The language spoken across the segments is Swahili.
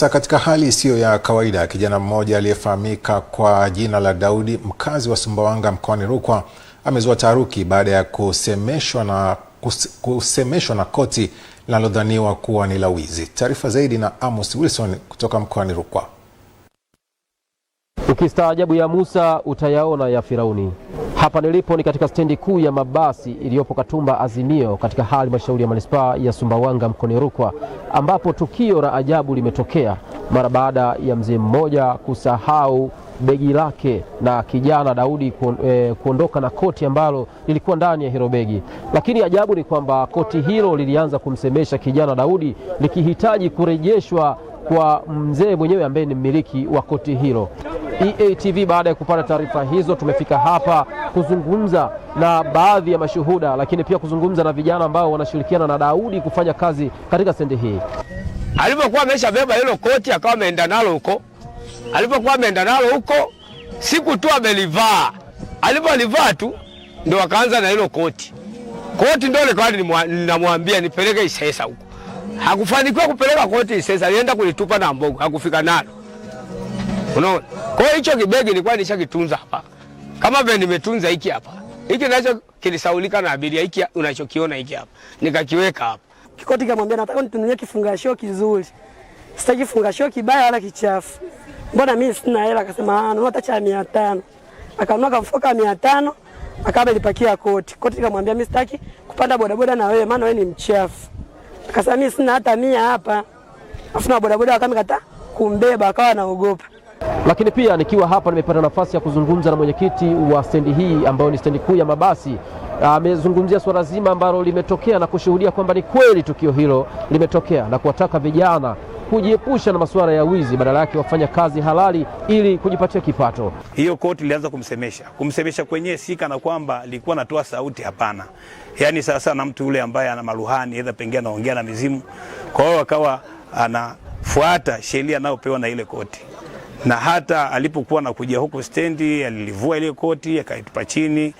Sasa katika hali isiyo ya kawaida, kijana mmoja aliyefahamika kwa jina la Daudi, mkazi wa Sumbawanga mkoani Rukwa, amezua taharuki baada ya kusemeshwa na, kusemeshwa na koti linalodhaniwa kuwa ni la wizi. Taarifa zaidi na Amos Wilson kutoka mkoani Rukwa. Ukistaajabu ya Musa utayaona ya Firauni. Hapa nilipo ni katika stendi kuu ya mabasi iliyopo Katumba Azimio katika halmashauri ya manispaa ya Sumbawanga mkoani Rukwa, ambapo tukio la ajabu limetokea mara baada ya mzee mmoja kusahau begi lake na kijana Daudi eh, kuondoka na koti ambalo lilikuwa ndani ya hilo begi. Lakini ajabu ni kwamba koti hilo lilianza kumsemesha kijana Daudi likihitaji kurejeshwa kwa mzee mwenyewe ambaye ni mmiliki wa koti hilo. EATV. Baada ya kupata taarifa hizo, tumefika hapa kuzungumza na baadhi ya mashuhuda, lakini pia kuzungumza na vijana ambao wanashirikiana na Daudi kufanya kazi katika stendi hii. Alipokuwa ameshabeba hilo koti, akawa ameenda nalo huko. Alipokuwa ameenda nalo huko, siku tu amelivaa, alipolivaa tu ndo akaanza na hilo koti. Koti ndo likawa linamwambia nipeleke Isesa huko. Hakufanikiwa kupeleka koti Isesa, alienda kulitupa na mbogo, hakufika nalo. Unaona? Kwa hiyo hicho kibegi nilikuwa nishakitunza hapa. Kama vile nimetunza hiki hapa. Hiki nacho kilisaulika na abiria hiki unachokiona hiki hapa. Nikakiweka hapa. Kikoti kamwambia nataka nitununie kifungashio kizuri. Sitaki kifungashio kibaya wala kichafu. Mbona mimi sina hela? Akasema ah, nunua hata cha 500. Akanunua kamfuka 500 akaba lipakia koti. Koti kamwambia mimi sitaki kupanda bodaboda na wewe maana wewe ni mchafu. Akasema mimi sina hata 100 hapa. Afuna bodaboda akamkata kumbeba akawa anaogopa. Lakini pia nikiwa hapa nimepata nafasi ya kuzungumza na mwenyekiti wa stendi hii ambayo ni stendi kuu ya mabasi. Amezungumzia swala zima ambalo limetokea na kushuhudia kwamba ni kweli tukio hilo limetokea na kuwataka vijana kujiepusha na masuala ya wizi, badala yake wafanya kazi halali ili kujipatia kipato. Hiyo koti ilianza kumsemesha, kumsemesha kwenyewe sika na kwamba likuwa natoa sauti, hapana. Yaani sasa na mtu yule ambaye ana maruhani aidha pengine anaongea na mizimu, kwa hiyo akawa anafuata sheria anayopewa na ile koti na hata alipokuwa anakuja huku stendi alilivua ile koti akaitupa chini.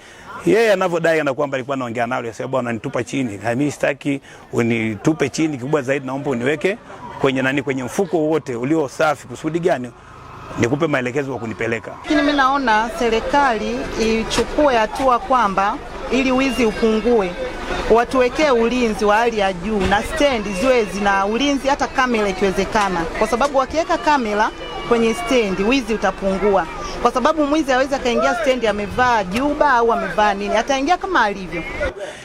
Yeye anavyodai na kwamba alikuwa anaongea nao, alisema bwana, nitupa chini, mimi sitaki unitupe chini. Kikubwa zaidi, naomba uniweke kwenye nani, kwenye mfuko wote ulio safi. Kusudi gani? Nikupe maelekezo ya kunipeleka. Lakini mimi naona serikali ichukue hatua kwamba ili wizi upungue, watuwekee ulinzi wa hali ya juu na stendi ziwe zina ulinzi, hata kamera ikiwezekana, kwa sababu wakiweka kamera kwenye stendi, wizi utapungua, kwa sababu mwizi hawezi akaingia stendi amevaa juba au amevaa nini, ataingia kama alivyo.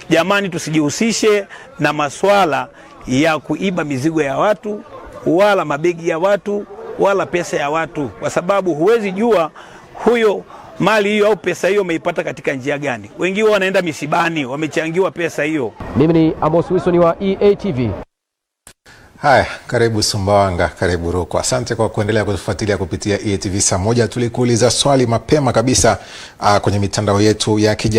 Jamani, tusijihusishe na maswala ya kuiba mizigo ya watu wala mabegi ya watu wala pesa ya watu, kwa sababu huwezi jua huyo mali hiyo au pesa hiyo umeipata katika njia gani. Wengi wanaenda misibani, wamechangiwa pesa hiyo. Mimi ni Amos Wilson wa EATV. Haya, karibu Sumbawanga, karibu Rukwa. Asante kwa kuendelea kutufuatilia kupitia ETV saa moja. Tulikuuliza swali mapema kabisa uh, kwenye mitandao yetu ya kijamii.